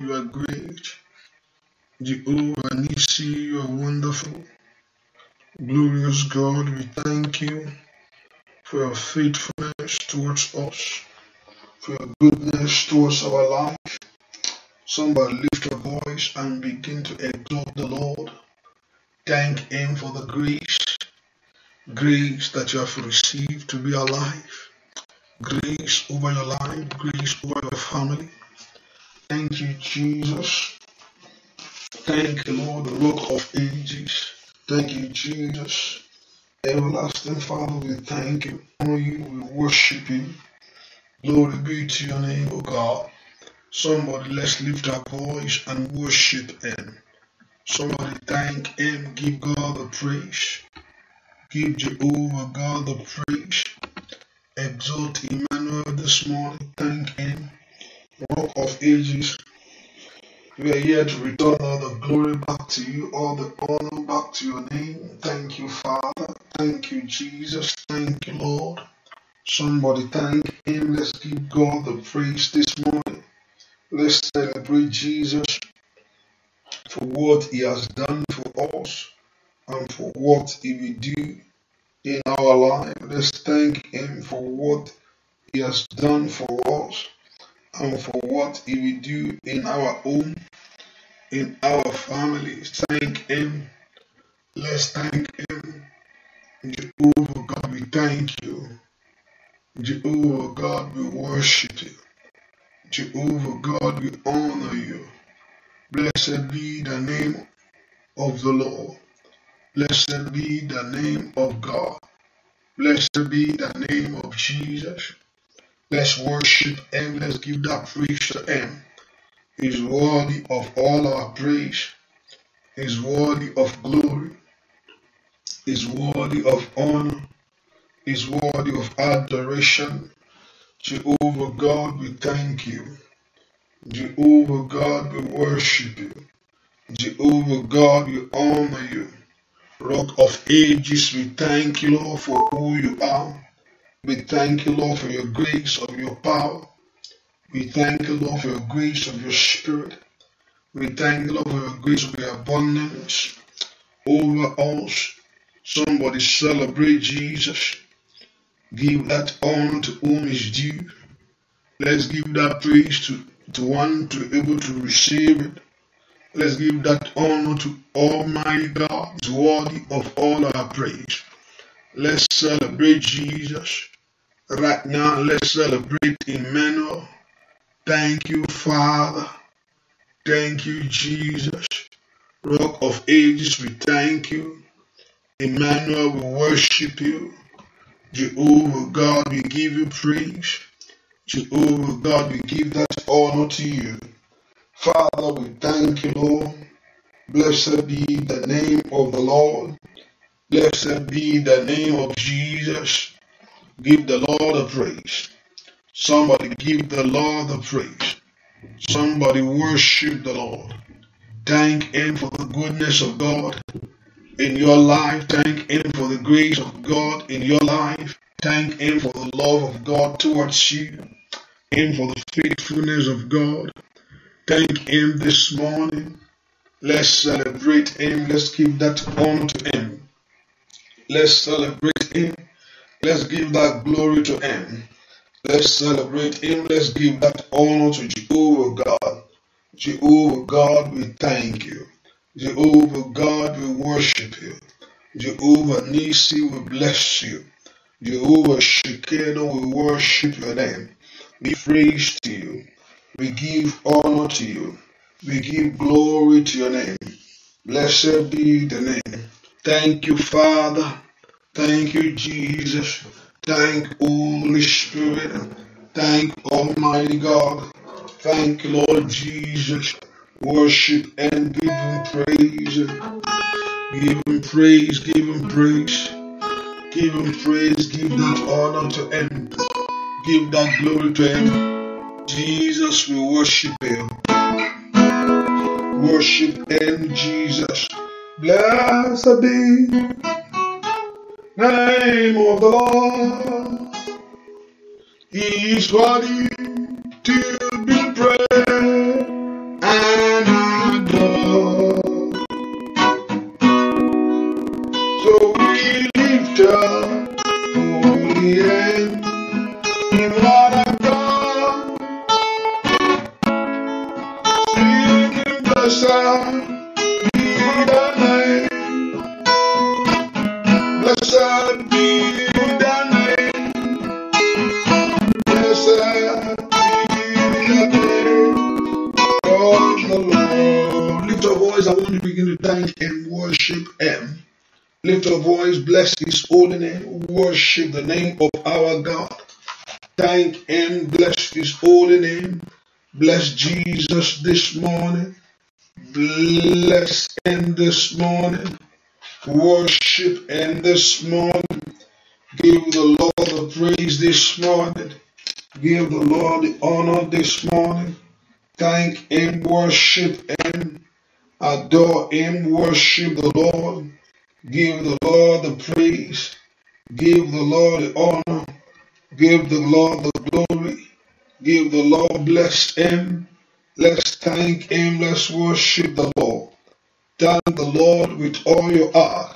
You are great. the all Nisi, you are wonderful. Glorious God, we thank you for your faithfulness towards us, for your goodness towards our life. Somebody lift your voice and begin to exalt the Lord. Thank Him for the grace, grace that you have received to be alive, grace over your life, grace over your family Thank you, Jesus. Thank you, Lord, the Rock of Ages. Thank you, Jesus. Everlasting Father, we thank you, honor you, we worship you. Glory be to your name, O God. Somebody, let's lift our voice and worship Him. Somebody, thank Him. Give God the praise. Give Jehovah God the praise. Exalt Emmanuel this morning. Thank Him. Rock of ages, we are here to return all the glory back to you, all the honor back to your name. Thank you, Father. Thank you, Jesus. Thank you, Lord. Somebody thank Him. Let's give God the praise this morning. Let's celebrate Jesus for what He has done for us and for what He will do in our life. Let's thank Him for what He has done for us and for what He will do in our home, in our families. Thank Him. Let's thank Him. Jehovah God, we thank you. Jehovah God, we worship you. Jehovah God, we honor you. Blessed be the name of the Lord. Blessed be the name of God. Blessed be the name of Jesus. Let's worship Him. Let's give that praise to Him. He's worthy of all our praise. He's worthy of glory. He's worthy of honor. He's worthy of adoration. Jehovah God, we thank you. Jehovah God, we worship you. Jehovah God, we honor you. Rock of ages, we thank you, Lord, for who you are. We thank you, Lord, for your grace, of your power. We thank you, Lord, for your grace, of your spirit. We thank you, Lord, for your grace, of your abundance over us. Somebody celebrate Jesus. Give that honor to whom is due. Let's give that praise to, the one to able to receive it. Let's give that honor to Almighty God, worthy of all our praise. Let's celebrate Jesus. Right now, let's celebrate Emmanuel. Thank you, Father. Thank you, Jesus. Rock of ages, we thank you. Emmanuel, we worship you. Jehovah God, we give you praise. Jehovah God, we give that honor to you. Father, we thank you, Lord. Blessed be the name of the Lord. Blessed be the name of Jesus. Give the Lord a praise. Somebody give the Lord a praise. Somebody worship the Lord. Thank Him for the goodness of God in your life. Thank Him for the grace of God in your life. Thank Him for the love of God towards you. Him for the faithfulness of God. Thank Him this morning. Let's celebrate Him. Let's give that on to Him. Let's celebrate Him. Let's give that glory to Him. Let's celebrate Him. Let's give that honor to Jehovah God. Jehovah God, we thank you. Jehovah God, we worship you. Jehovah Nisi, we bless you. Jehovah Shekinah, we worship your name. We praise to you. We give honor to you. We give glory to your name. Blessed be the name. Thank you, Father. Thank you, Jesus. Thank Holy Spirit. Thank Almighty God. Thank Lord Jesus. Worship and give Him praise. Give Him praise. Give Him praise. Give Him praise. Give that honor to Him. Give that glory to Him. Jesus, we worship Him. Worship Him, Jesus. Blessed be name of the Lord. He's is worthy to Lift your voice, bless his holy name, worship the name of our God. Thank him, bless his holy name. Bless Jesus this morning. Bless him this morning. Worship him this morning. Give the Lord the praise this morning. Give the Lord the honor this morning. Thank Him, worship Him, adore Him, worship the Lord. Give the Lord the praise. Give the Lord the honor. Give the Lord the glory. Give the Lord bless him. Let's thank him. Let's worship the Lord. Thank the Lord with all your heart,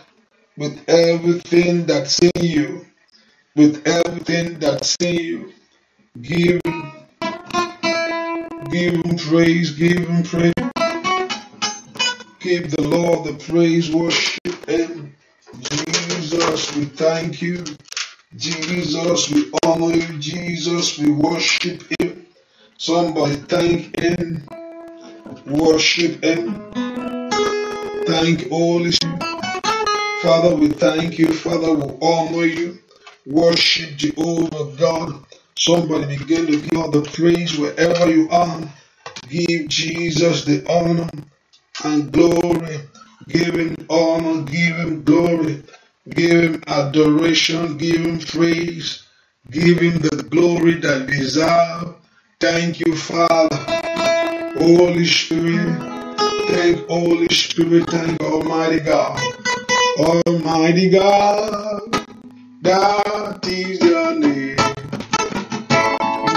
with everything that's in you, with everything that's in you. Give him, give him praise, give him praise. Give the Lord the praise, worship. Jesus, we thank you. Jesus, we honor you. Jesus, we worship him. Somebody thank him. Worship him. Thank Holy Spirit. Father, we thank you. Father, we honor you. Worship of God. Somebody begin to give all the praise wherever you are. Give Jesus the honor and glory. Give him honor. Give him glory. Give him adoration. Give him praise. Give him the glory that deserve. Thank you, Father. Holy Spirit. Thank Holy Spirit. Thank Almighty God. Almighty God. That is your name.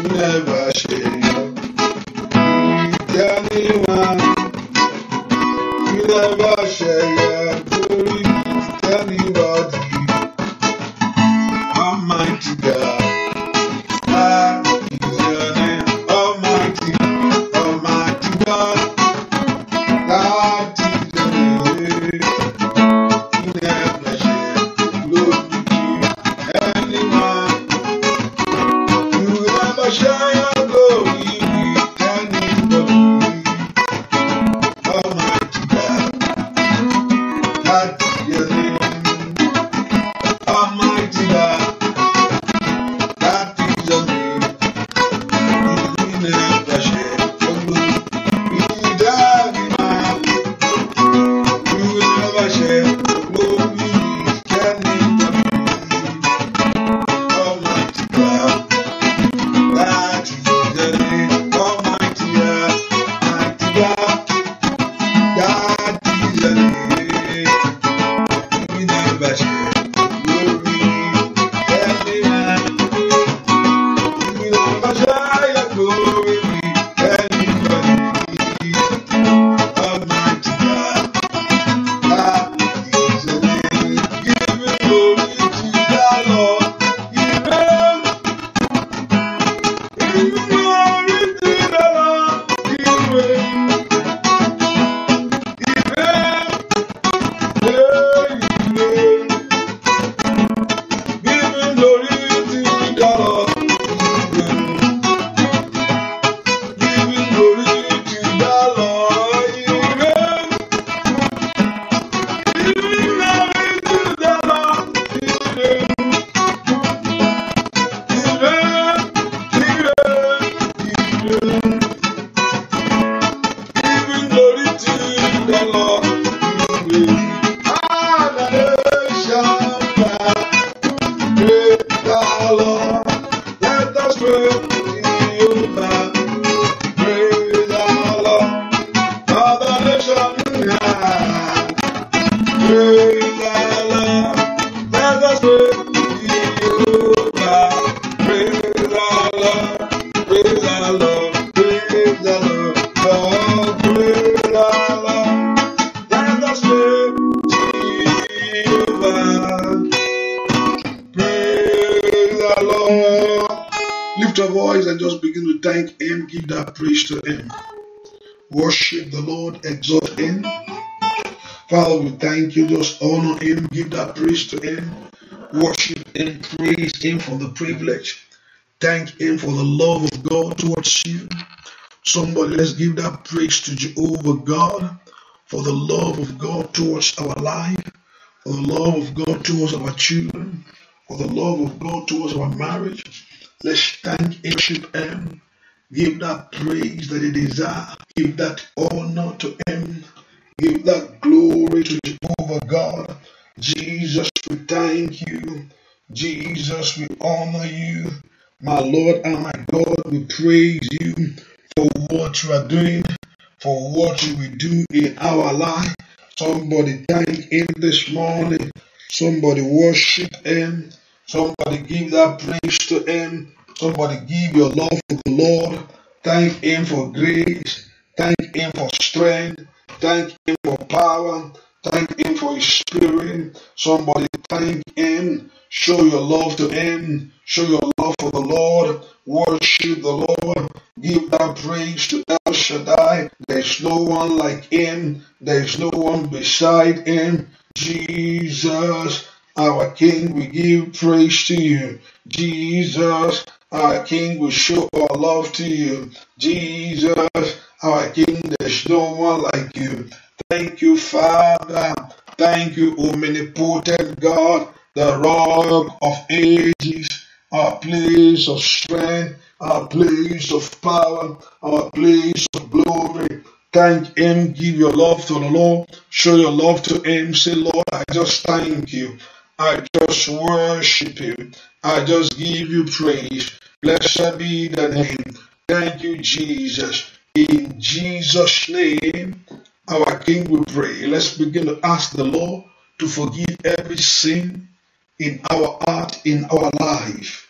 Never shall with anyone. You never shall glory with anyone. Yeah. thank you. Just honor Him, give that praise to Him, worship Him, praise Him for the privilege. Thank Him for the love of God towards you. Somebody, let's give that praise to Jehovah God for the love of God towards our life, for the love of God towards our children, for the love of God towards our marriage. Let's thank worship Him. Give that praise that He desires. Give that honor to Him Give that glory to Jehovah God. Jesus, we thank you. Jesus, we honor you. My Lord and my God, we praise you for what you are doing, for what you will do in our life. Somebody thank Him this morning. Somebody worship Him. Somebody give that praise to Him. Somebody give your love to the Lord. Thank Him for grace. Thank Him for strength. Thank Him for power. Thank Him for His Spirit. Somebody thank Him. Show your love to Him. Show your love for the Lord. Worship the Lord. Give that praise to El Shaddai. There is no one like Him. There is no one beside Him. Jesus, our King, we give praise to you. Jesus, our King, we show our love to you. Jesus, our King. There's no one like you. Thank you, Father. Thank you, omnipotent God, the rock of ages, our place of strength, our place of power, our place of glory. Thank Him. Give your love to the Lord. Show your love to Him. Say, Lord, I just thank you. I just worship you. I just give you praise. Blessed be the name. Thank you, Jesus. In Jesus' name, our King, we pray. Let's begin to ask the Lord to forgive every sin in our heart, in our life.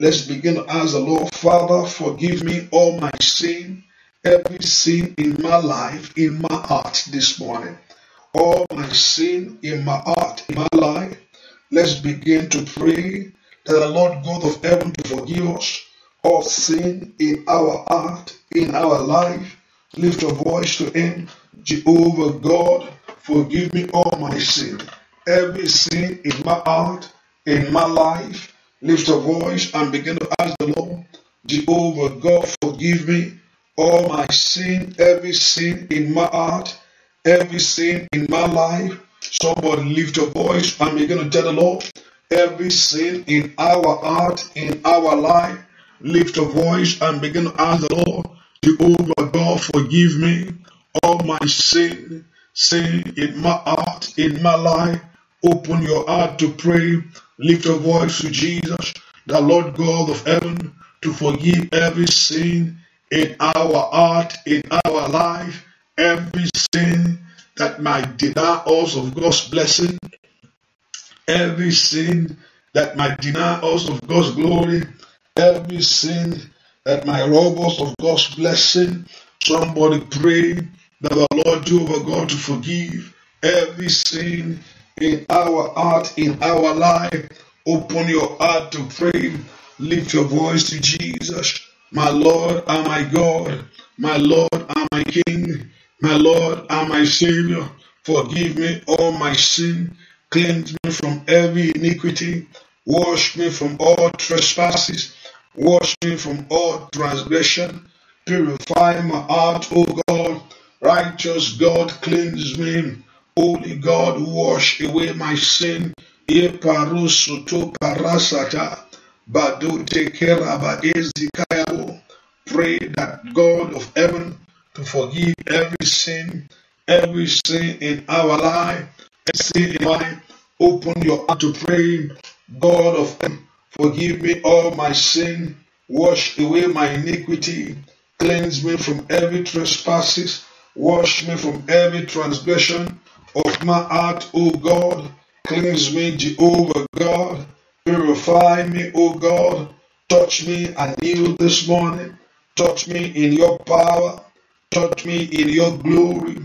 Let's begin to ask the Lord, Father, forgive me all my sin, every sin in my life, in my heart this morning. All my sin in my heart, in my life. Let's begin to pray that the Lord God of heaven to forgive us of sin in our heart, in our life, lift your voice to Him. Jehovah God, forgive me all my sin. Every sin in my heart, in my life, lift your voice and begin to ask the Lord, Jehovah God, forgive me all my sin, every sin in my heart, every sin in my life. Somebody lift your voice and begin to tell the Lord, every sin in our heart, in our life, lift your voice and begin to ask the Lord, Jehovah God, forgive me all my sin, sin in my heart, in my life. Open your heart to pray. Lift your voice to Jesus, the Lord God of heaven, to forgive every sin in our heart, in our life, every sin that might deny us of God's blessing, every sin that might deny us of God's glory, Help me sin that my robbers of God's blessing, somebody pray that the Lord Jehovah God to forgive every sin in our heart, in our life. Open your heart to pray. Lift your voice to Jesus. My Lord and my God, my Lord and my King, my Lord and my Savior, forgive me all my sin, cleanse me from every iniquity, wash me from all trespasses, Wash me from all transgression. Purify my heart, O God. Righteous God, cleanse me. Holy God, wash away my sin. Eparusuto parasata. Badu tekeraba ezikayabo. Pray that God of heaven to forgive every sin, every sin in our life. Every in life. Open your heart to pray. God of heaven Forgive me all my sin. Wash away my iniquity. Cleanse me from every trespasses. Wash me from every transgression of my heart, O God. Cleanse me, Jehovah God. Purify me, O God. Touch me anew this morning. Touch me in your power. Touch me in your glory.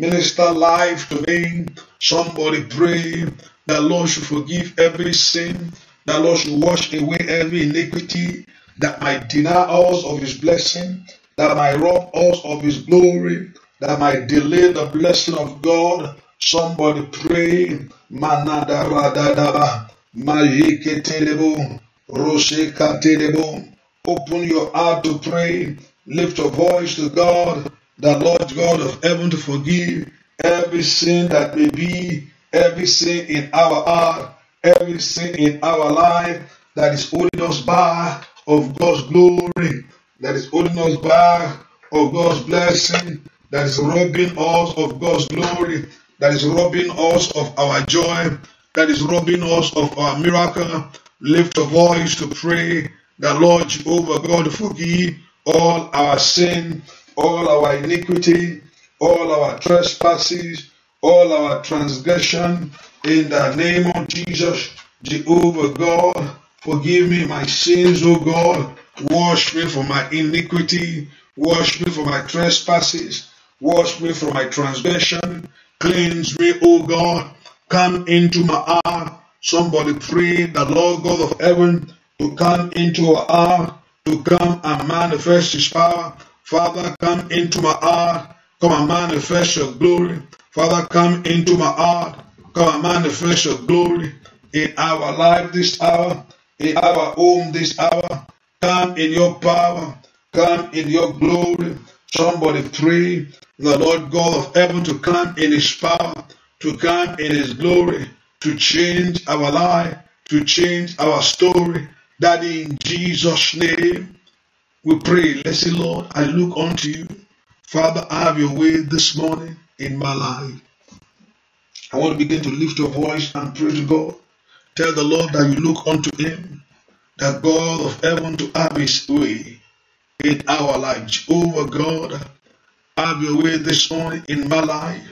Minister life to me. Somebody pray. The Lord should forgive every sin that Lord should wash away every iniquity that might deny us of his blessing, that might rob us of his glory, that might delay the blessing of God. Somebody pray. Manadaradadaba. Majiketelebo. Roshekatelebo. Open your heart to pray. Lift your voice to God, the Lord God of heaven, to forgive every sin that may be, every sin in our heart every sin in our life that is holding us back of God's glory, that is holding us back of God's blessing, that is robbing us of God's glory, that is robbing us of our joy, that is robbing us of our miracle. Lift a voice to pray that Lord Jehovah God forgive all our sin, all our iniquity, all our trespasses, all our transgression in the name of Jesus, Jehovah God. Forgive me my sins, O God. Wash me from my iniquity. Wash me from my trespasses. Wash me from my transgression. Cleanse me, O God. Come into my heart. Somebody pray the Lord God of heaven to come into our heart, to come and manifest his power. Father, come into my heart. Come and manifest your glory. Father, come into my heart. Come and manifest your glory in our life this hour, in our home this hour. Come in your power. Come in your glory. Somebody pray the Lord God of heaven to come in his power, to come in his glory, to change our life, to change our story. That in Jesus' name we pray. let Lord, I look unto you. Father, I have your way this morning in my life. I want to begin to lift your voice and pray to God. Tell the Lord that you look unto Him, that God of heaven to have His way in our lives. Over oh, God, have your way this morning in my life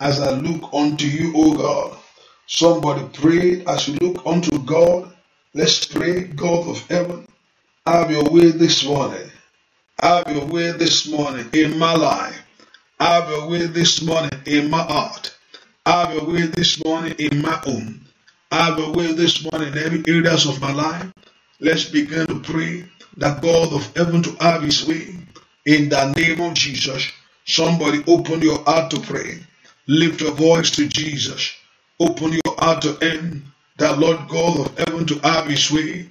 as I look unto you, O oh, God. Somebody prayed as you look unto God. Let's pray, God of heaven, have your way this morning. Have your way this morning in my life. I will wait this morning in my heart. I will wait this morning in my home. I will wait this morning in every areas of my life. Let's begin to pray that God of heaven to have his way in the name of Jesus. Somebody open your heart to pray. Lift your voice to Jesus. Open your heart to him. The Lord God of heaven to have his way.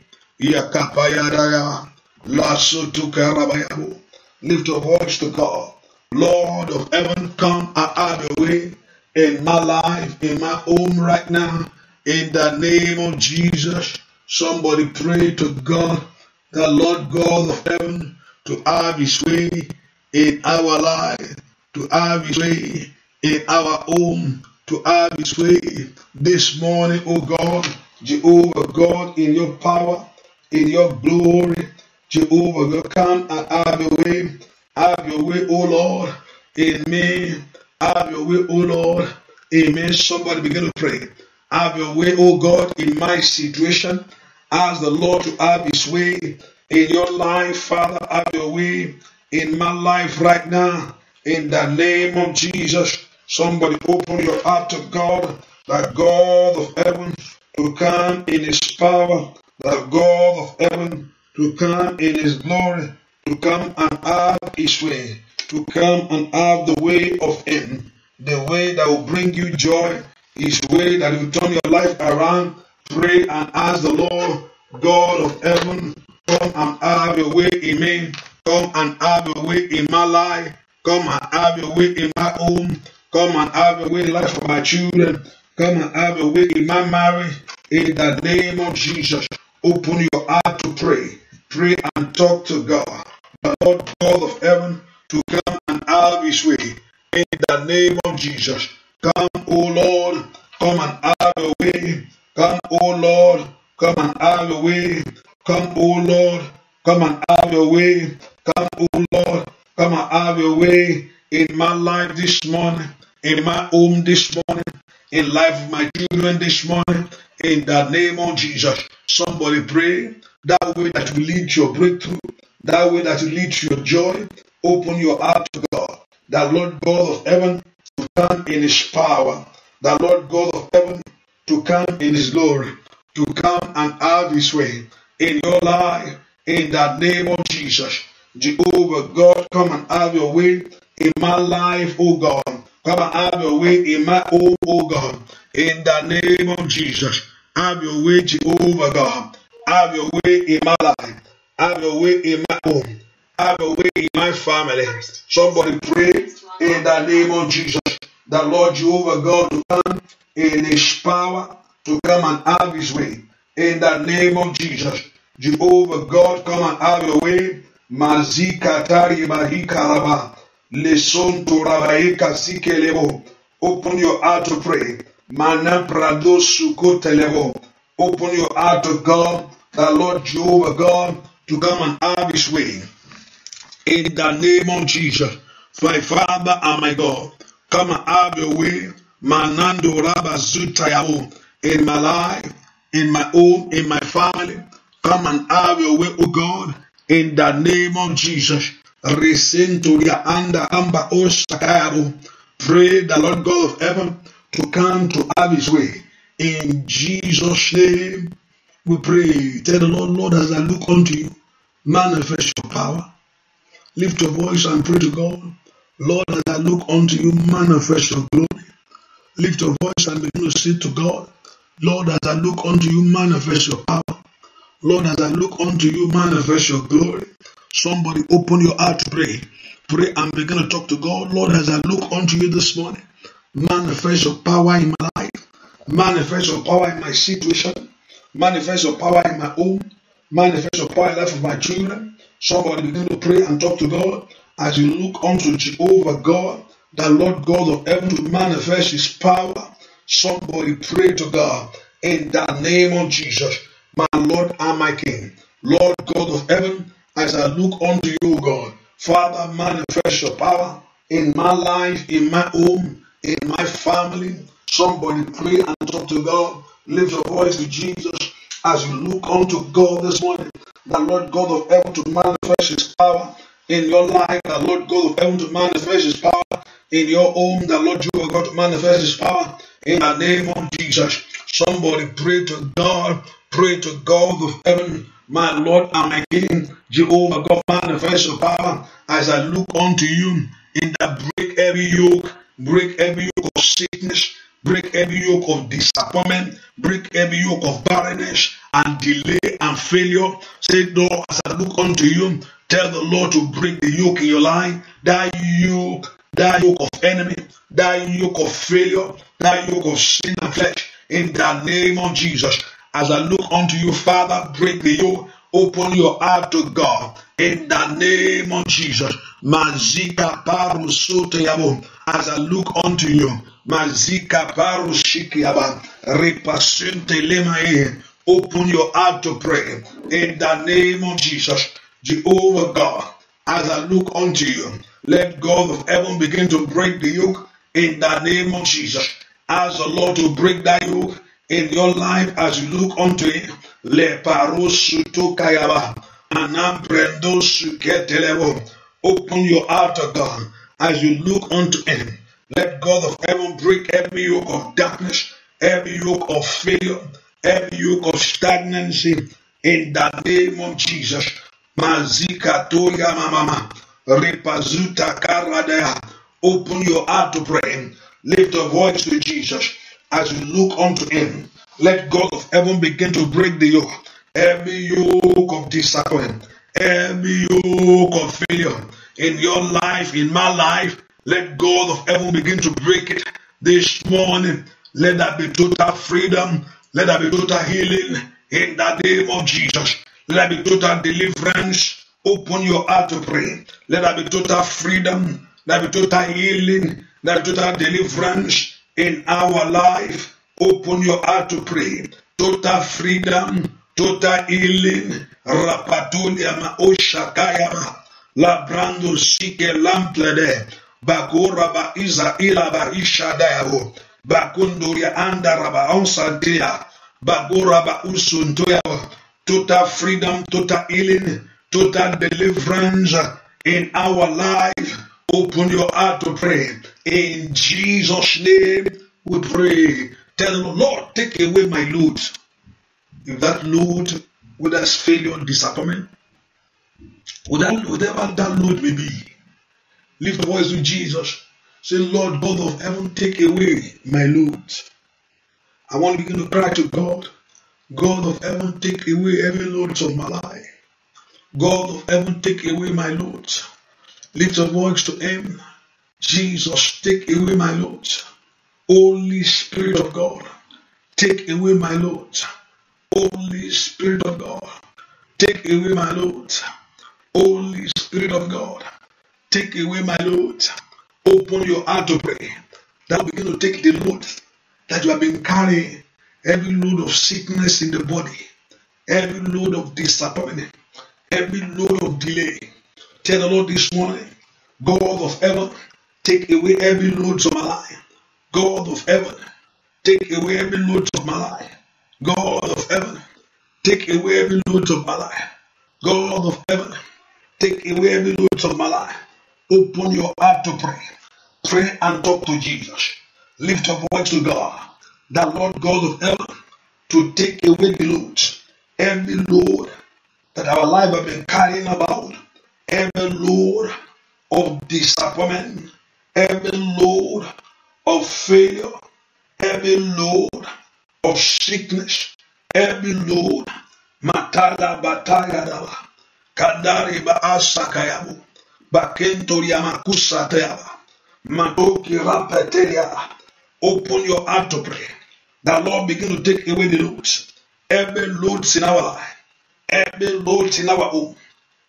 Lift your voice to God. Lord of heaven, come and have the way in my life, in my home right now, in the name of Jesus. Somebody pray to God, the Lord God of heaven, to have his way in our life, to have his way in our home, to have his way this morning, O God, Jehovah God, in your power, in your glory, Jehovah God, come and have your way have your way, O Lord, in me. Have your way, O Lord. Amen. Somebody begin to pray. Have your way, O God, in my situation. Ask the Lord to have his way in your life, Father. Have your way in my life right now. In the name of Jesus. Somebody open your heart to God, the God of heaven, to come in his power, the God of heaven, to come in his glory to come and have his way, to come and have the way of him, the way that will bring you joy, his way that will turn your life around. Pray and ask the Lord, God of heaven, come and have your way in me, come and have your way in my life, come and have your way in my home, come and have your way in life for my children, come and have your way in my marriage, in the name of Jesus. Open your heart to pray. Pray and talk to God the Lord God of heaven to come and have his way. In the name of Jesus. Come, O Lord, come and have your way. Come, O Lord, come and have your way. Come, O Lord, come and have your way. Come, O Lord, come and have your way in my life this morning, in my home this morning, in life of my children this morning, in the name of Jesus. Somebody pray that way that will lead to your breakthrough that way that will lead to your joy. Open your heart to God. That Lord God of heaven to come in his power. That Lord God of heaven to come in his glory. To come and have his way in your life. In the name of Jesus. Jehovah God, come and have your way in my life, O God. Come and have your way in my home, O God. In the name of Jesus. Have your way, Jehovah God. Have your way in my life. Have your way in my home. Have your way in my family. Somebody pray in the name of Jesus. The Lord Jehovah God to come in his power to come and have his way. In the name of Jesus. Jehovah God, come and have your way. Mazika tari mahikaraba. Leson to rabaika sikelebo. Open your heart to pray. Mana prado sukotelebo. Open your heart to God, the Lord Jehovah God, to come and have his way. In the name of Jesus, my Father and my God, come and have your way. Manando Rabazutayahu in my life, in my home, in my family. Come and have your way, O God, in the name of Jesus. Listen to the under amber Osakayahu. Pray the Lord God of heaven to come to have his way. In Jesus' name, We pray, tell the Lord, Lord, as I look unto you, manifest your power. Lift your voice and pray to God. Lord, as I look unto you, manifest your glory. Lift your voice and begin to say to God, Lord, as I look unto you, manifest your power. Lord, as I look unto you, manifest your glory. Somebody open your heart to pray. Pray and begin to talk to God. Lord, as I look unto you this morning, manifest your power in my life. Manifest your power in my situation. Manifest your power in my home. Manifest your power in the life of my children. Somebody begin to pray and talk to God as you look unto Jehovah God, the Lord God of heaven, to manifest his power. Somebody pray to God in the name of Jesus, my Lord and my King. Lord God of heaven, as I look unto you, God, Father, manifest your power in my life, in my home, in my family. Somebody pray and talk to God. Lift your voice to Jesus as you look unto God this morning, the Lord God of heaven to manifest his power in your life, the Lord God of heaven to manifest his power in your home, the Lord you are God to manifest his power in the name of Jesus. Somebody pray to God, pray to God of heaven, my Lord and my King, Jehovah God, manifest your power as I look unto you in that break every yoke, break every yoke of sickness, break every yoke of disappointment, break every yoke of barrenness and delay and failure. Say, Lord, as I look unto you, tell the Lord to break the yoke in your life, that yoke, that yoke of enemy, that yoke of failure, that yoke of sin and flesh, in the name of Jesus. As I look unto you, Father, break the yoke, open your heart to God. In the name of Jesus. Mazika paru sote yabo. As I look unto you. Mazika paru yaba. Repasente lemae. Open your heart to pray. In the name of Jesus. Jehovah God. As I look unto you. Let God of heaven begin to break the yoke. In the name of Jesus. Ask the Lord to break that yoke in your life as you look unto Him. Le paru suto kayaba. Open your heart to God as you look unto Him. Let God of heaven break every yoke of darkness, every yoke of failure, every yoke of stagnancy in the name of Jesus. Mazika toya mama, repazuta karadea. Open your heart to pray. Lift your voice to Jesus as you look unto Him. Let God of heaven begin to break the yoke every yoke of disappointment, every yoke of failure in your life, in my life, let God of heaven begin to break it this morning. Let that be total freedom. Let that be total healing in the name of Jesus. Let that be total deliverance. Open your heart to pray. Let that be total freedom. Let that be total healing. Let that be total deliverance in our life. Open your heart to pray. Total freedom total healing, rapatulia oshakayama, labrando sike lamplede, bakura iza ila ba bakunduria anda onsantia, bakura ba usuntoyawo, total freedom, total healing, total deliverance in our life. Open your heart to pray. In Jesus' name we pray. Tell the Lord, take away my load. If that load, whether it's failure, disappointment, whatever that load may be, lift the voice to Jesus. Say, Lord God of heaven, take away my load. I want to begin to cry to God. God of heaven, take away every load of my life. God of heaven, take away my load. Lift your voice to Him. Jesus, take away my load. Holy Spirit of God, take away my load. Holy Spirit of God, take away my load. Holy Spirit of God, take away my load. Open your heart to pray. That will begin to take the load that you have been carrying. Every load of sickness in the body, every load of disappointment, every load of delay. Tell the Lord this morning, God of heaven, take away every load of my life. God of heaven, take away every load of my life. God of heaven, take away every load of my life. God of heaven, take away every load of my life. Open your heart to pray. Pray and talk to Jesus. Lift up voice to God, that Lord God of heaven, to take away the load, every load that our life have been carrying about, every load of disappointment, every load of failure, every load of sickness, every load, matala batayadaba, kadari baasakayabu, bakentoria makusatayaba, matoki rapeteya. Open your heart to pray. The Lord begin to take away the loads, every loads in our life, every loads in our home,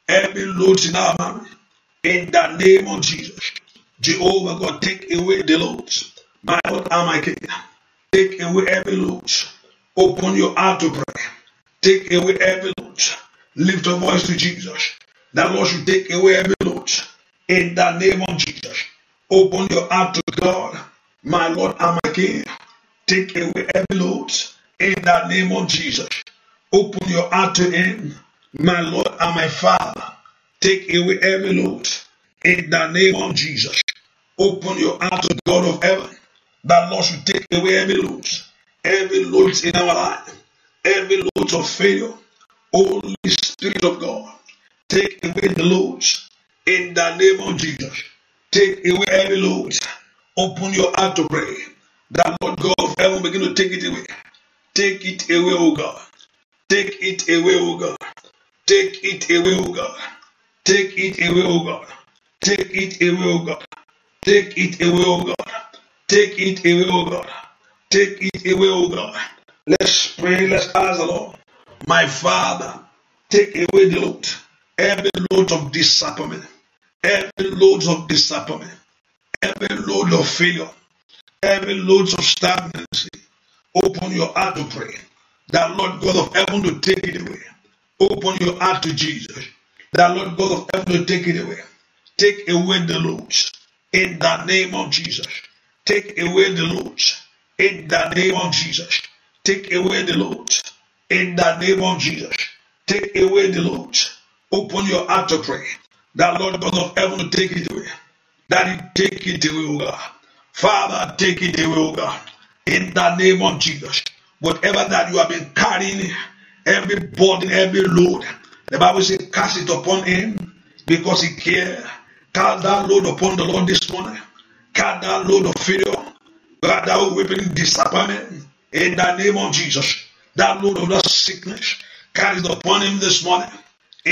every loads in our mind. In the name of Jesus, Jehovah God, take away the loads. My Lord and my King. Take away every load. Open your heart to pray. Take away every load. Lift your voice to Jesus. That Lord should take away every load. In the name of Jesus. Open your heart to God. My Lord and my King. Take away every load. In the name of Jesus. Open your heart to Him. My Lord and my Father. Take away every load. In the name of Jesus. Open your heart to God of heaven. That Lord should take away every load, every load in our life, every load of failure. Holy Spirit of God, take away the loads in the name of Jesus. Take away every load. Open your heart to pray. That Lord God of heaven begin to take it away. Take it away, O God. Take it away, O God. Take it away, O God. Take it away, O God. Take it away, O God. Take it away, O God. Take it away, O God. Take it away, O God. Let's pray. Let's ask the Lord. My Father, take away the load. Every load of disappointment. Every load of disappointment. Every load of failure. Every load of stagnancy. Open your heart to pray. That Lord God of heaven to take it away. Open your heart to Jesus. That Lord God of heaven to take it away. Take away the loads. In the name of Jesus. Take away the load in the name of Jesus. Take away the load in the name of Jesus. Take away the load. Open your heart to pray. That Lord God of heaven take it away. That He take it away, O God. Father, take it away, O God. In the name of Jesus. Whatever that you have been carrying, every burden, every load, the Bible says, cast it upon Him because He cares. Cast that load upon the Lord this morning. Cut that load of failure. God, that will bring disappointment in the name of Jesus. That load of that sickness carried upon him this morning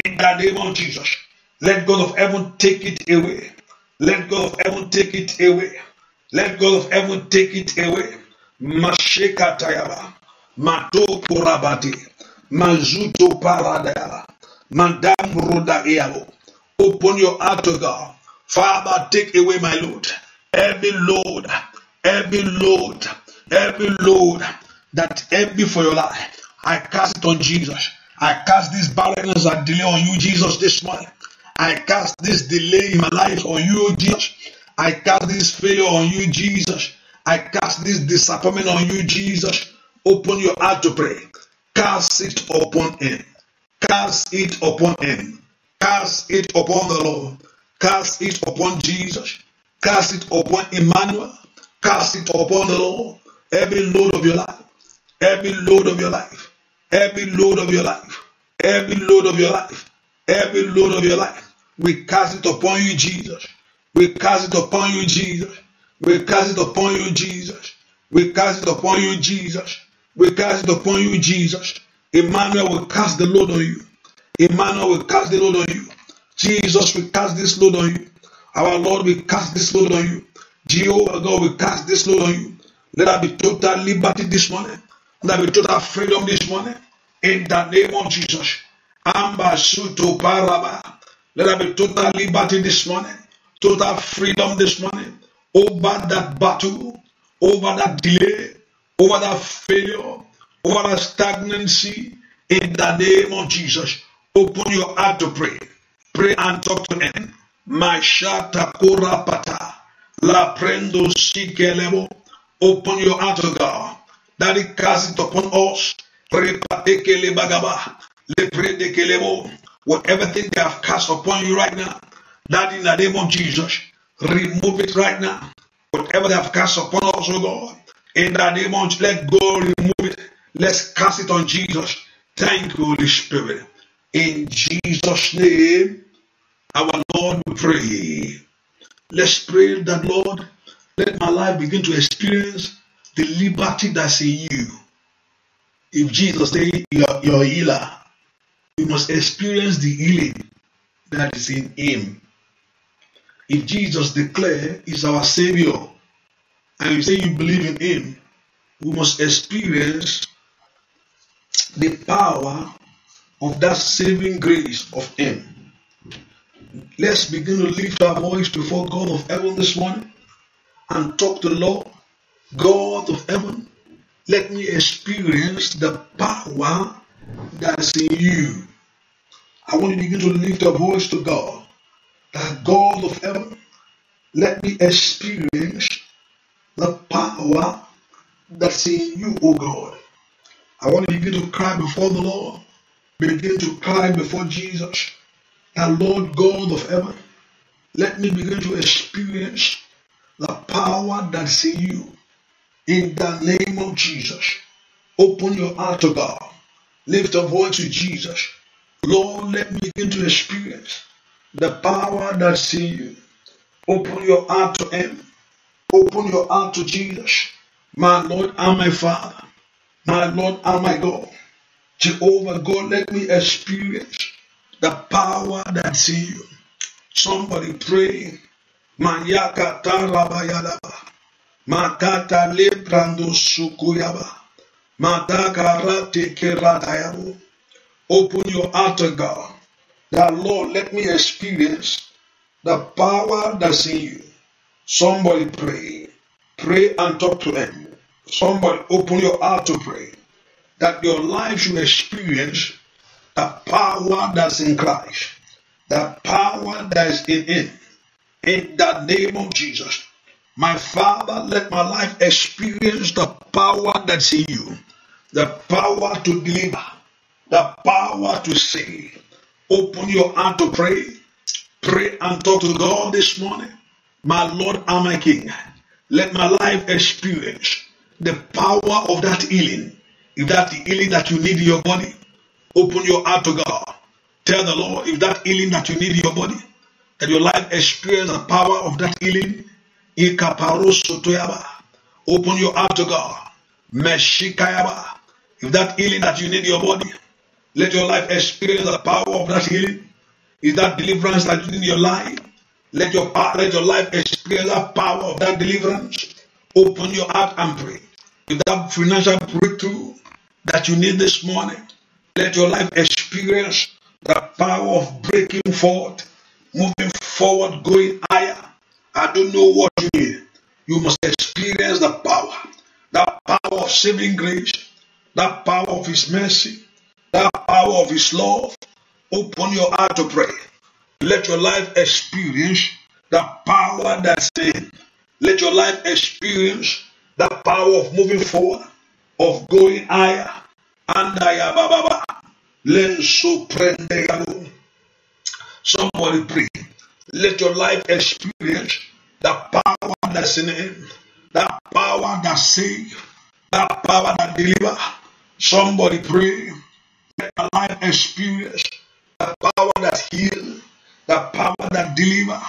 in the name of Jesus. Let God of heaven take it away. Let God of heaven take it away. Let God of heaven take it away. Masheka tayaba, mato kurabati, mazuto paradaya, madam roda Open your heart to God. Father, take away my load. Every load, every load, every load that heavy for your life, I cast it on Jesus. I cast this barrenness and delay on you, Jesus, this morning. I cast this delay in my life on you, Jesus. I cast this failure on you, Jesus. I cast this disappointment on you, Jesus. Open your heart to pray. Cast it upon him. Cast it upon him. Cast it upon the Lord. Cast it upon Jesus. Cast it upon Emmanuel. Cast it upon the Lord. Every load of your life. Every load of your life. Every load of your life. Every load of your life. Every load of your life. We cast it upon you, Jesus. We cast it upon you, Jesus. We cast it upon you, Jesus. We cast it upon you, Jesus. We cast it upon you, Jesus. Emmanuel will cast the load on you. Emmanuel will cast the load on you. Jesus will cast this load on you. Our Lord, we cast this load on you. Jehovah God, we cast this load on you. Let there be total liberty this morning. Let there be total freedom this morning. In the name of Jesus. Ambasuto Let there be total liberty this morning. Total freedom this morning. Over that battle, over that delay, over that failure, over that stagnancy. In the name of Jesus. Open your heart to pray. Pray and talk to Him. Mashata Korapata. La prendo sikelebo. Open your heart to God. That it casts it upon us. Repate kelebagaba. Leprede kelebo. Whatever thing they have cast upon you right now. That in the name of Jesus. Remove it right now. Whatever they have cast upon us, oh God. In the name of Jesus, let go, remove it. Let's cast it on Jesus. Thank you, Holy Spirit. In Jesus' name. Our Lord, we pray. Let's pray that, Lord, let my life begin to experience the liberty that's in you. If Jesus say you're, you're healer, you must experience the healing that is in him. If Jesus declare is our Savior, and you say you believe in him, we must experience the power of that saving grace of him. Let's begin to lift our voice before God of heaven this morning and talk to the Lord, God of heaven. Let me experience the power that is in you. I want you to begin to lift your voice to God. That God of heaven, let me experience the power that's in you, O God. I want you to begin to cry before the Lord. Begin to cry before Jesus. Now, Lord God of heaven, let me begin to experience the power that's in you. In the name of Jesus, open your heart to God. Lift a voice to Jesus. Lord, let me begin to experience the power that's in you. Open your heart to Him. Open your heart to Jesus. My Lord and my Father. My Lord and my God. Jehovah God, let me experience the power that's in you. Somebody pray. Mayaka tarabayalaba. Makata lebrando sukuyaba. Madakarate keratayabo. Open your heart to God. That Lord, let me experience the power that's in you. Somebody pray. Pray and talk to Him. Somebody open your heart to pray. That your life should experience The power that's in Christ. The power that's in Him. In the name of Jesus. My Father, let my life experience the power that's in you. The power to deliver. The power to save. Open your heart to pray. Pray and talk to God this morning. My Lord and my King, let my life experience the power of that healing. If that healing that you need in your body, Open your heart to God. Tell the Lord if that healing that you need in your body, that your life experience the power of that healing. Open your heart to God. If that healing that you need in your body, let your life experience the power of that healing. Is that deliverance that you need in your life? Let your let your life experience the power of that deliverance. Open your heart and pray. If that financial breakthrough that you need this morning, Let your life experience the power of breaking forth, moving forward, going higher. I don't know what you need. You must experience the power, the power of saving grace, the power of His mercy, the power of His love. Open your heart to pray. Let your life experience the power that's in. Let your life experience the power of moving forward, of going higher. And I Le soprendegano. Somebody pray. Let your life experience the power that's in him, that power that save, that power that deliver. Somebody pray. Let your life experience the power that heal, the power that deliver,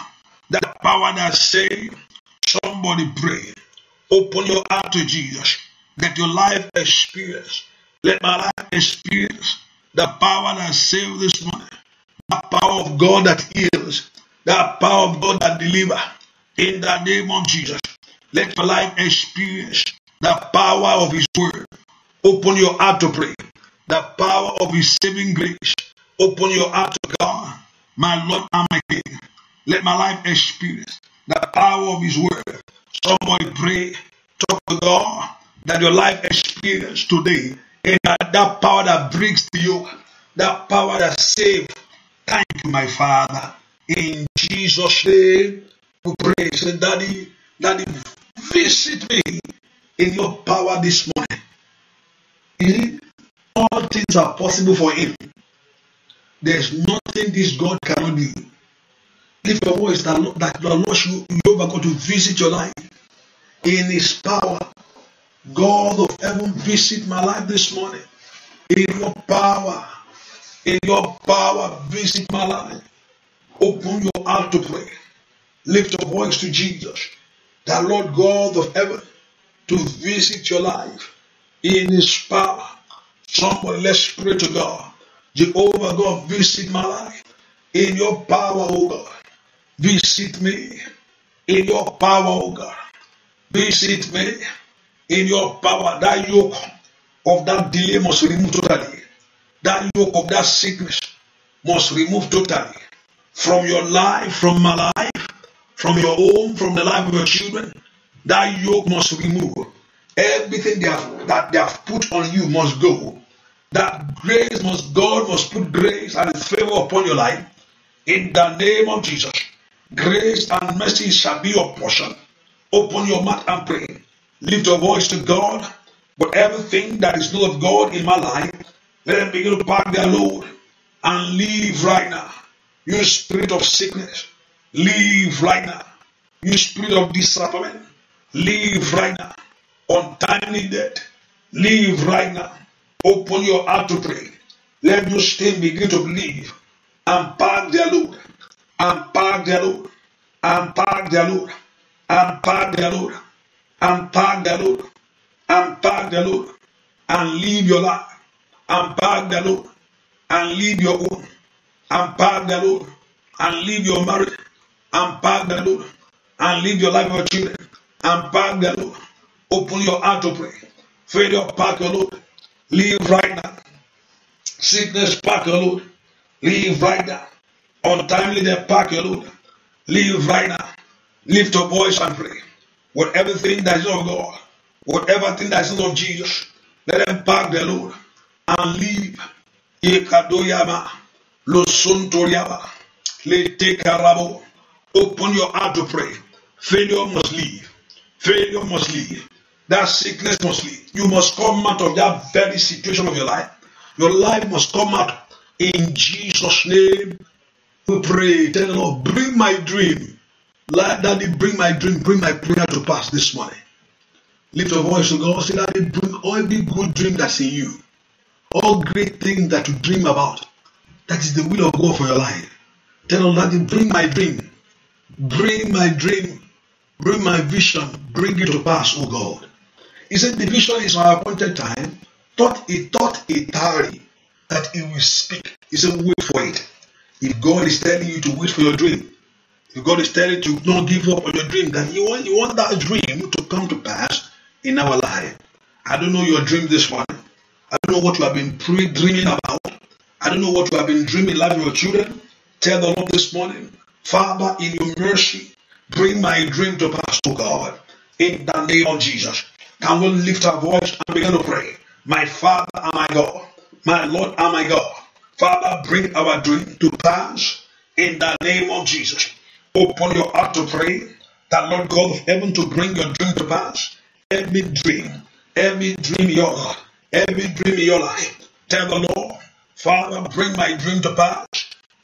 the power that save. Somebody pray. Open your heart to Jesus. Let your life experience. Let my life experience the power that saves this morning, the power of God that heals, the power of God that delivers. In the name of Jesus, let your life experience the power of His Word. Open your heart to pray. The power of His saving grace. Open your heart to God, my Lord and my King. Let my life experience the power of His Word. Somebody pray, talk to God that your life experience today And that, uh, that power that brings to you, that power that saves. Thank you, my Father. In Jesus' name, we pray. Say, Daddy, Daddy, visit me in your power this morning. In all things are possible for him. There's nothing this God cannot do. If your voice that, that the Lord should you overcome to visit your life in his power God of heaven, visit my life this morning. In your power, in your power, visit my life. Open your heart to pray. Lift your voice to Jesus, the Lord God of heaven, to visit your life in His power. Someone, let's pray to God. Jehovah God, visit my life in your power, O oh God. Visit me in your power, O oh God. Visit me in your power, that yoke of that delay must remove totally. That yoke of that sickness must remove totally from your life, from my life, from your home, from the life of your children. That yoke must remove. Everything they have, that they have put on you must go. That grace must, God must put grace and His favor upon your life. In the name of Jesus, grace and mercy shall be your portion. Open your mouth and pray. Lift your voice to God. Whatever thing that is not of God in my life, let them begin to pack their load and leave right now. You spirit of sickness, leave right now. You spirit of disappointment, leave right now. Untimely death, leave right now. Open your heart to pray. Let those things begin to believe and pack their load, and pack their load, and pack their load, and pack their load. Unpack the load. Unpack the load. And leave your life. Unpack the load. And leave your home. Unpack the load. And leave your marriage. Unpack the load. And leave your life of your children. Unpack the load. Open your heart to pray. Failure, pack your load. Leave right now. Sickness, pack your load. Leave right now. Untimely, death, pack your load. Leave right now. Lift your voice and pray. Whatever thing that is of God, whatever thing that is not of Jesus, let them pack the load and leave. Ekadoyama, Losuntoriaba, Letekarabo. Open your heart to pray. Failure must leave. Failure must leave. That sickness must leave. You must come out of that very situation of your life. Your life must come out in Jesus' name. We pray. Tell the Lord, bring my dream Lord, Daddy, bring my dream, bring my prayer to pass this morning. Lift your voice to God. Say, Daddy, bring all the good dream that's in you. All great things that you dream about. That is the will of God for your life. Tell him, Daddy, bring my dream. Bring my dream. Bring my vision. Bring it to pass, O oh God. He said, The vision is our appointed time. Thought it, thought it tarry that it will speak. He said, Wait for it. If God is telling you to wait for your dream, God is telling you, don't give up on your dream. That you want, you want that dream to come to pass in our life. I don't know your dream this morning. I don't know what you have been pre-dreaming about. I don't know what you have been dreaming like your children. Tell the Lord this morning, Father, in your mercy, bring my dream to pass, to God. In the name of Jesus. Can we lift our voice and begin to pray? My Father and my God, my Lord and my God, Father, bring our dream to pass in the name of Jesus. Open your heart to pray. that Lord God of heaven to bring your dream to pass. Every dream, every dream in your every dream in your life. Tell the Lord, Father, bring my dream to pass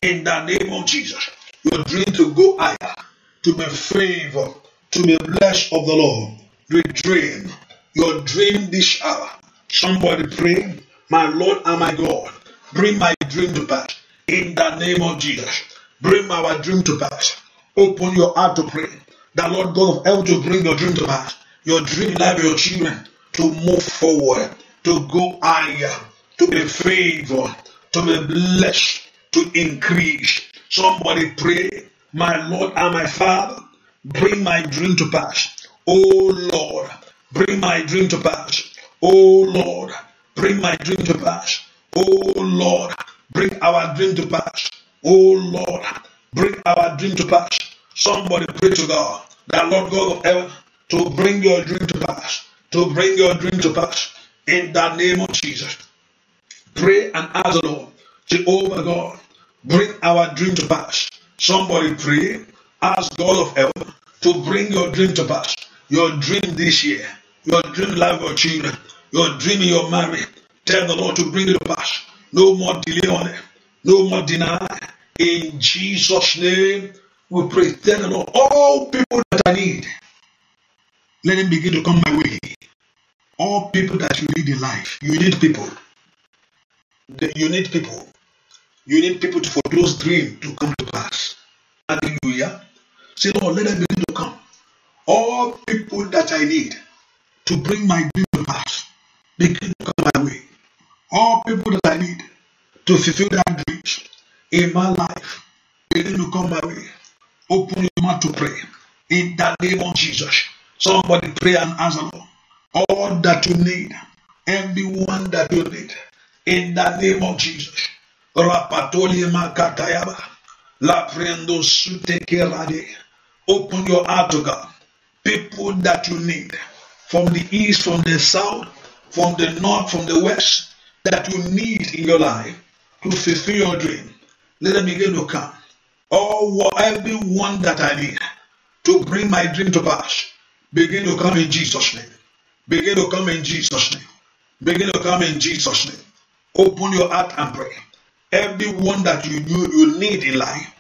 in the name of Jesus. Your dream to go higher, to be favored, to be blessed of the Lord. Your dream, your dream this hour. Somebody pray, my Lord and my God, bring my dream to pass in the name of Jesus. Bring our dream to pass Open your heart to pray. that Lord God of heaven to bring your dream to pass. Your dream life, your children to move forward, to go higher, to be favored, to be blessed, to increase. Somebody pray, my Lord and my Father, bring my dream to pass. Oh Lord, bring my dream to pass. Oh Lord, bring my dream to pass. Oh Lord, bring our dream to pass. Oh Lord, Bring our dream to pass. Somebody pray to God, that Lord God of heaven, to bring your dream to pass. To bring your dream to pass. In the name of Jesus. Pray and ask the Lord, Jehovah God, bring our dream to pass. Somebody pray, ask God of heaven to bring your dream to pass. Your dream this year, your dream life, your children, your dream in your marriage. Tell the Lord to bring it to pass. No more delay on it, no more denial. In Jesus' name, we pray. Tell all people that I need, let them begin to come my way. All people that you need in life, you need people. You need people. You need people for those dreams to come to pass. Hallelujah. Say, Lord, let them begin to come. All people that I need to bring my dream to pass, begin to come my way. All people that I need to fulfill that dreams, in my life begin to come my way. Open your mouth to pray. In the name of Jesus. Somebody pray and answer Lord. All that you need. Everyone that you need. In the name of Jesus. Rapatoli makatayaba. La prendo sutekerade. Open your heart to God. People that you need. From the east, from the south, from the north, from the west. That you need in your life. To fulfill your dream let them begin to come. oh, everyone that I need to bring my dream to pass, begin to come in Jesus' name. Begin to come in Jesus' name. Begin to come in Jesus' name. Open your heart and pray. Everyone that you knew you need in life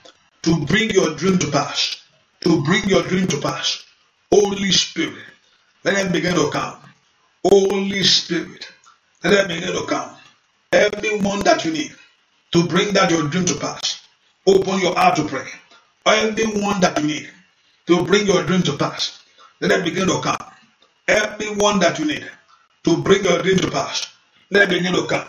to bring your dream to pass, to bring your dream to pass. Holy Spirit, let them begin to come. Holy Spirit, let them begin to come. Everyone that you need to bring that your dream to pass. Open your heart to pray. Anyone that you need to bring your dream to pass, let it begin to come. Everyone that you need to bring your dream to pass, let it begin to come.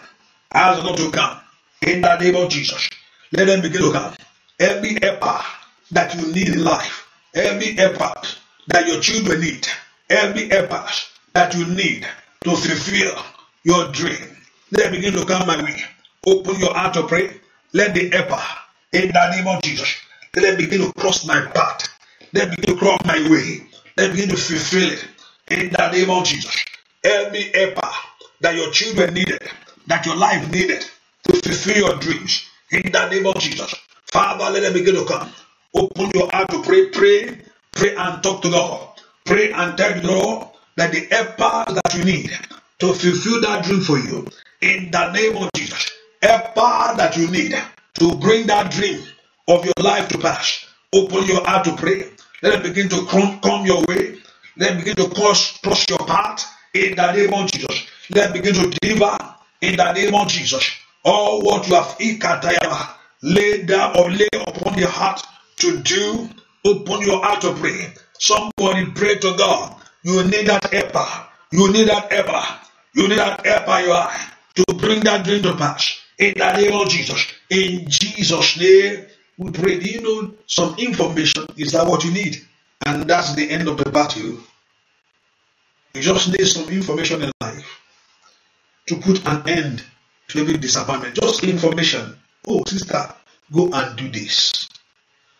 Ask God to come in the name of Jesus. Let them begin to come. Every effort that you need in life, every effort that your children need, every effort that you need to fulfill your dream, let it begin to come my way. Open your heart to pray. Let the helper in the name of Jesus. Let begin to cross my path. Let begin to cross my way. Let begin to fulfill it in the name of Jesus. Every helper that your children needed, that your life needed to fulfill your dreams in the name of Jesus. Father, let them begin to come. Open your heart to pray, pray, pray and talk to God. Pray and tell the Lord that the helper that you need to fulfill that dream for you in the name of Jesus. A power that you need to bring that dream of your life to pass. Open your heart to pray. Let it begin to come your way. Let it begin to cross, cross your path in the name of Jesus. Let it begin to deliver in the name of Jesus. All what you have ikatayama, lay down or lay upon your heart to do, open your heart to pray. Somebody pray to God. You need that helper. You need that helper. You need that helper you are to bring that dream to pass in the name of Jesus. In Jesus' name, we pray. Do you know some information? Is that what you need? And that's the end of the battle. You just need some information in life to put an end to every disappointment. Just information. Oh, sister, go and do this.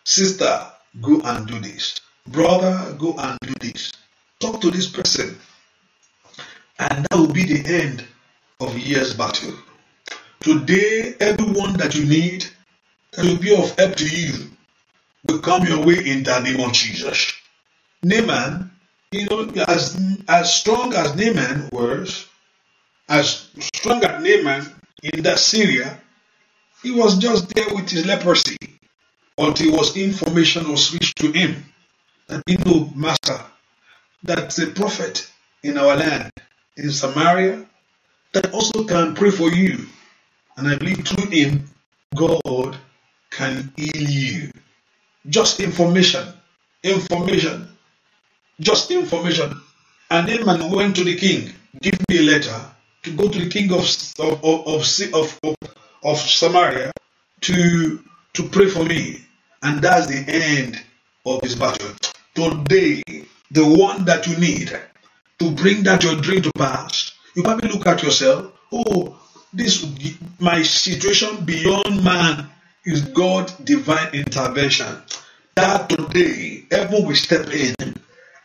Sister, go and do this. Brother, go and do this. Talk to this person. And that will be the end of years battle. Today, everyone that you need that will be of help to you will come your way in the name of Jesus. Naaman, you know, as, as strong as Naaman was, as strong as Naaman in that Syria, he was just there with his leprosy until was information was reached to him that you know, Master, that the prophet in our land in Samaria that also can pray for you and I believe through him, God can heal you. Just information, information, just information. And Naaman went to the king, give me a letter to go to the king of of of of, of, of Samaria to to pray for me. And that's the end of this battle. Today, the one that you need to bring that your dream to pass, you probably look at yourself, oh, this my situation beyond man is God divine intervention. That today heaven will step in.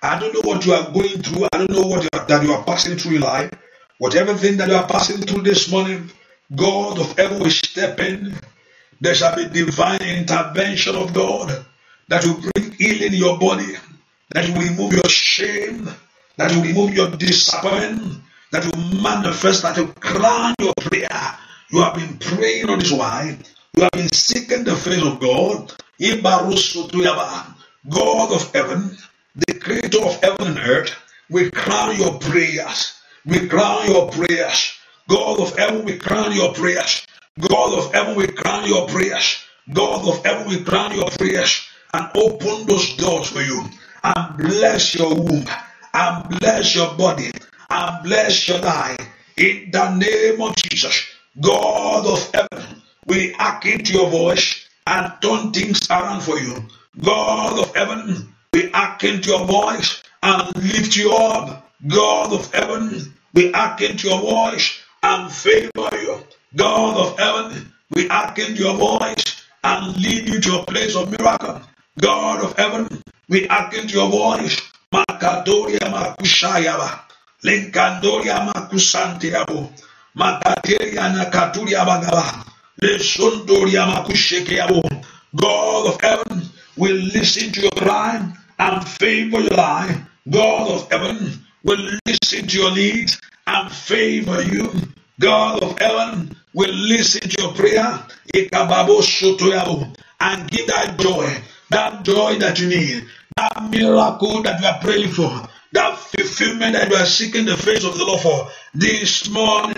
I don't know what you are going through. I don't know what you are, that you are passing through in life. Whatever thing that you are passing through this morning, God of heaven will step in. There shall be divine intervention of God that will bring healing in your body, that will remove your shame, that will remove your disappointment, that you manifest, that you crown your prayer. You have been praying on this why. You have been seeking the face of God. God of heaven, the creator of heaven and earth, we crown your prayers. We crown your prayers. God of heaven, we crown your prayers. God of heaven, we crown your prayers. God of heaven, we crown your prayers and open those doors for you and bless your womb and bless your body and bless life in the name of Jesus, God of heaven. We hearken to your voice and turn things around for you. God of heaven, we hearken to your voice and lift you up. God of heaven, we hearken to your voice and favor you. God of heaven, we hearken to your voice and lead you to a place of miracle. God of heaven, we hearken to your voice. Makadoria Makushayaba. lenkandoria makusantiabo makateria na katuria bagaba lesondoria makushekeabo God of heaven will listen to your cry and favor your life. God of heaven will listen to your needs and favor you. God of heaven will listen to your prayer ikababo and give that joy, that joy that you need, that miracle that you are praying for. that fulfillment that you are seeking the face of the Lord for this morning.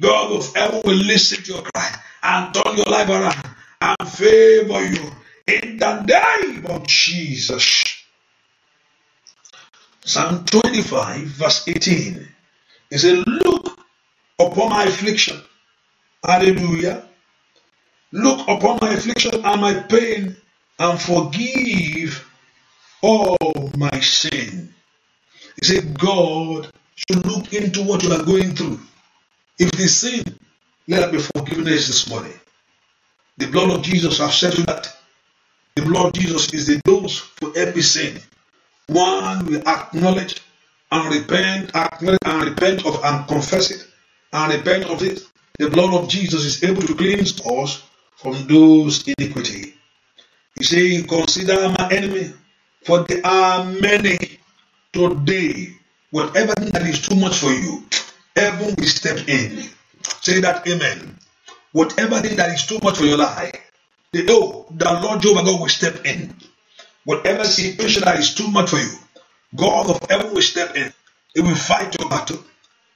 God of heaven will listen to your cry and turn your life around and favor you in the name of Jesus. Psalm 25, verse 18. He said, Look upon my affliction. Hallelujah. Look upon my affliction and my pain and forgive all my sin. You said, God should look into what you are going through. If it is sin, let there be forgiveness this morning. The blood of Jesus has to that. The blood of Jesus is the dose for every sin. One, will acknowledge and repent, acknowledge and repent of and confess it and repent of it. The blood of Jesus is able to cleanse us from those iniquity. You say, consider my enemy, for they are many. Today, whatever that is too much for you, heaven will step in. Say that, Amen. Whatever thing that is too much for your life, the, oh, the Lord Jehovah God will step in. Whatever situation that is too much for you, God of heaven will step in. He will fight your battle.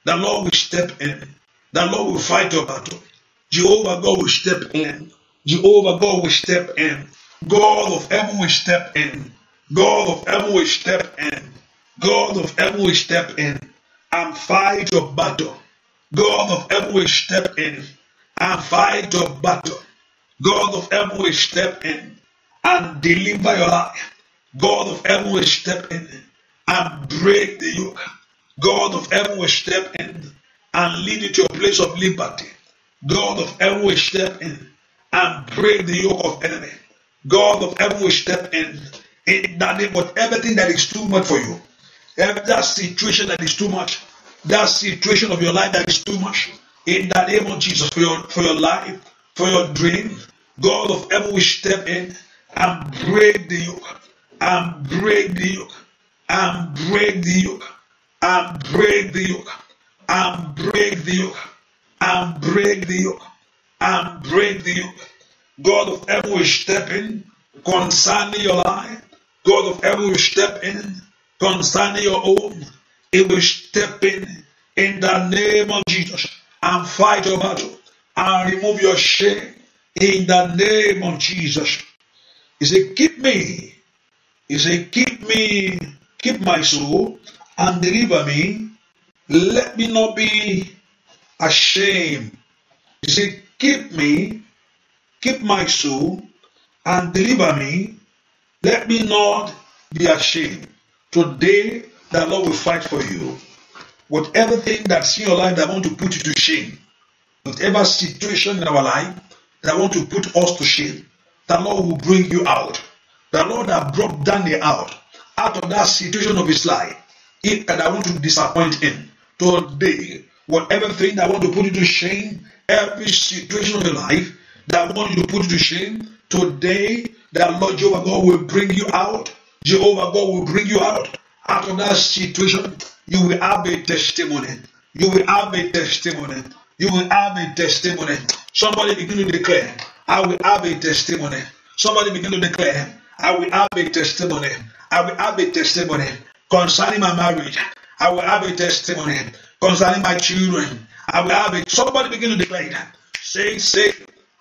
The Lord will step in. The Lord will fight your battle. Jehovah God will step in. Jehovah God will step in. God of heaven will step in. God of heaven will step in. God of heaven will step in and fight your battle. God of heaven will step in and fight your battle. God of heaven will step in and deliver your life. God of heaven will step in and break the yoke. God of heaven will step in and lead you to a place of liberty. God of heaven will step in and break the yoke of enemy. God of heaven will step in in that name, but everything that is too much for you, Every that situation that is too much, that situation of your life that is too much, in the name of Jesus, for your, for your life, for your dream, God of heaven will step in and break the yoke, and break the yoke, and break the yoke, and break the yoke, and break the yoke, and break the yoke, and break the yoke. God of heaven will step in concerning your life. God of heaven will step in concerning your own, it will step in in the name of Jesus and fight your battle and remove your shame in the name of Jesus. He said, Keep me. He said, Keep me, keep my soul and deliver me. Let me not be ashamed. He said, Keep me, keep my soul and deliver me. Let me not be ashamed. Today, the Lord will fight for you. Whatever thing that's in your life that want to put you to shame, whatever situation in our life that want to put us to shame, the Lord will bring you out. The Lord that brought Daniel out, out of that situation of his life, if that I want to disappoint him today, whatever thing that want to put you to shame, every situation of your life that want you to put you to shame, today, the Lord Jehovah God will bring you out Jehovah God will bring you out out of that situation. You will have a testimony. You will have a testimony. You will have a testimony. Somebody begin to declare, I will have a testimony. Somebody begin to declare, I will have a testimony. I will have a testimony concerning my marriage. I will have a testimony concerning my children. I will have a Somebody begin to declare that. Say, say,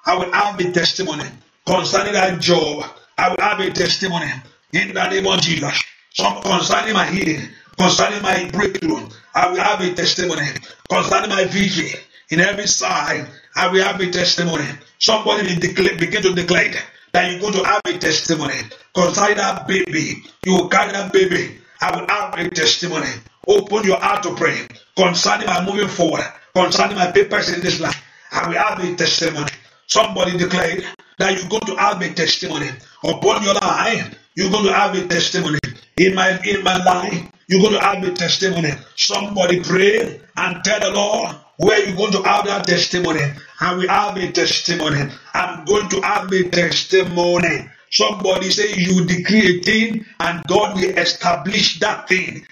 I will have a testimony concerning that job. I will have a testimony in the name of Jesus. Some concerning my healing, concerning my breakthrough, I will have a testimony. Concerning my vision, in every side, I will have a testimony. Somebody declare, begin to declare that you're going to have a testimony. Concerning that baby, you will carry that baby. I will have a testimony. Open your heart to pray. Concerning my moving forward, concerning my papers in this life, I will have a testimony. Somebody declared, that you're going to have a testimony upon your life. You're going to have a testimony in my in my life. You're going to have a testimony. Somebody pray and tell the Lord where you're going to have that testimony. And we have a testimony. I'm going to have a testimony. Somebody say you decree a thing and God will establish that thing.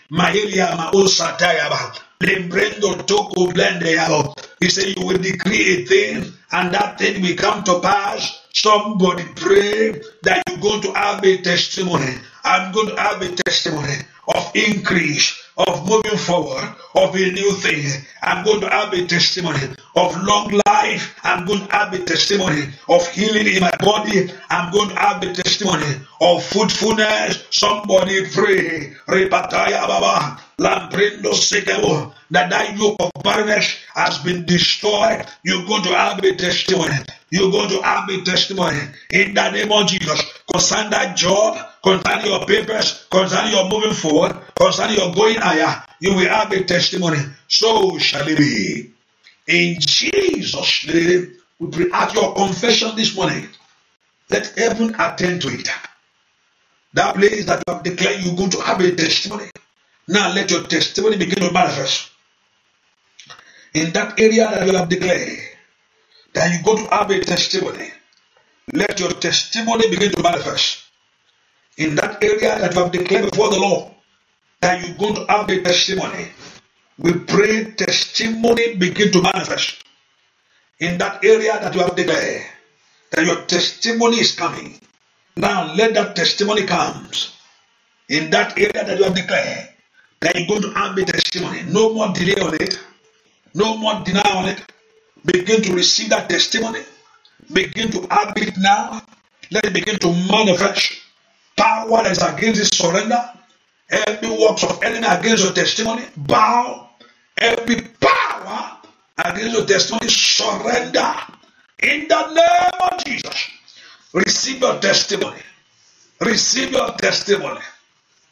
He said you will decree a thing and that thing will come to pass Somebody pray that you're going to have a testimony. I'm going to have a testimony of increase, of moving forward, of a new thing. I'm going to have a testimony of long life. I'm going to have a testimony of healing in my body. I'm going to have a testimony of fruitfulness. Somebody pray. Repataya Baba. Lambrindo Sekebo. That that yoke of barrenness has been destroyed. You're going to have a testimony. You're going to have a testimony in the name of Jesus. Concern that job, concern your papers, concern your moving forward, concern your going higher. You will have a testimony. So shall it be. In Jesus' name, we pray at your confession this morning. Let heaven attend to it. That place that you have declared you're going to have a testimony. Now let your testimony begin to manifest. In that area that you have declared, that you go to have a testimony. Let your testimony begin to manifest in that area that you have declared before the Lord that you're going to have a testimony. We pray testimony begin to manifest in that area that you have declared that your testimony is coming. Now let that testimony comes in that area that you have declared that you're going to have a testimony. No more delay on it. No more denial on it. Begin to receive that testimony. Begin to have it now. Let it begin to manifest power that is against this surrender. Every works of enemy against your testimony, bow. Every power against your testimony, surrender. In the name of Jesus, receive your testimony. Receive your testimony.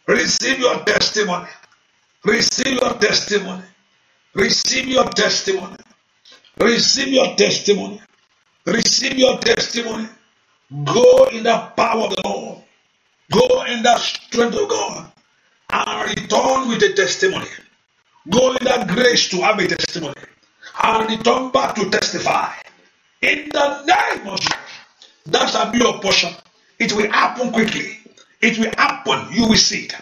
Receive your testimony. Receive your testimony. Receive your testimony. Receive your testimony. Receive your testimony. Go in the power of the Lord. Go in the strength of God. And return with a testimony. Go in that grace to have a testimony. And return back to testify. In the name of Jesus. That shall be your portion. It will happen quickly. It will happen. You will see it.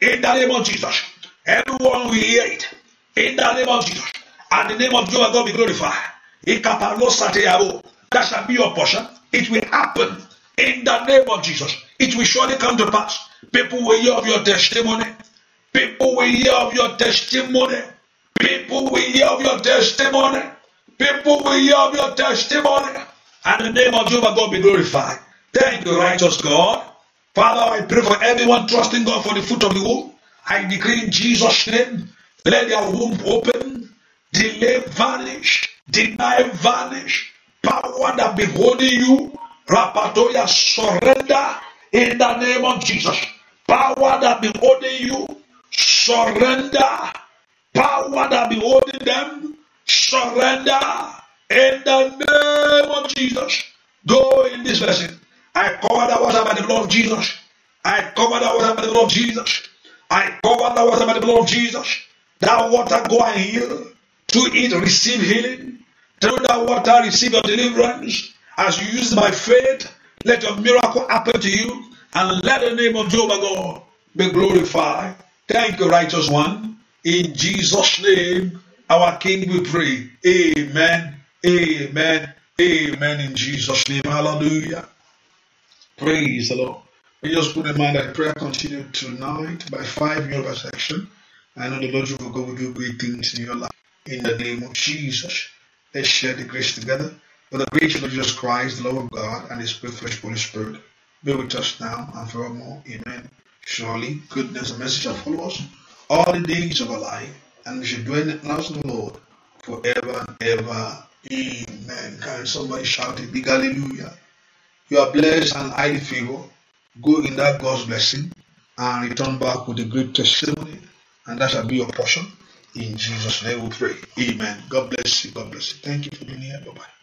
In the name of Jesus. Everyone will hear it. In the name of Jesus. And the name of Jehovah God be glorified. That shall be your portion. It will happen in the name of Jesus. It will surely come to pass. People will hear of your testimony. People will hear of your testimony. People will hear of your testimony. People will hear of your testimony. And the name of Jehovah God be glorified. Thank you, righteous God. Father, I pray for everyone trusting God for the fruit of the womb. I decree in Jesus' name, let their womb open delay vanish, deny vanish, power that be holding you, rapatoya surrender in the name of Jesus. Power that be holding you, surrender. Power that be holding them, surrender in the name of Jesus. Go in this blessing. I cover that water by the blood of Jesus. I cover that water by the blood of Jesus. I cover that water by the blood of Jesus. That water go and heal. Through it, receive healing. Through that water, receive your deliverance. As you use by faith, let your miracle happen to you. And let the name of Jehovah God be glorified. Thank you, righteous one. In Jesus' name, our King, we pray. Amen. Amen. Amen. In Jesus' name. Hallelujah. Praise the Lord. We just put in mind that prayer continued tonight by 5 Yoga I know the Lord will go do great things in your life in the name of Jesus. Let's share the grace together. For the grace of Jesus Christ, the love of God, and His perfect Holy Spirit be with us now and forevermore. Amen. Surely goodness and mercy shall follow us all the days of our life, and we shall dwell in the house of the Lord forever and ever. Amen. Can somebody shout a big hallelujah? You are blessed and highly favored. Go in that God's blessing and return back with a great testimony, and that shall be your portion in Jesus' name we pray. Amen. God bless you. God bless you. Thank you for being here. Bye bye.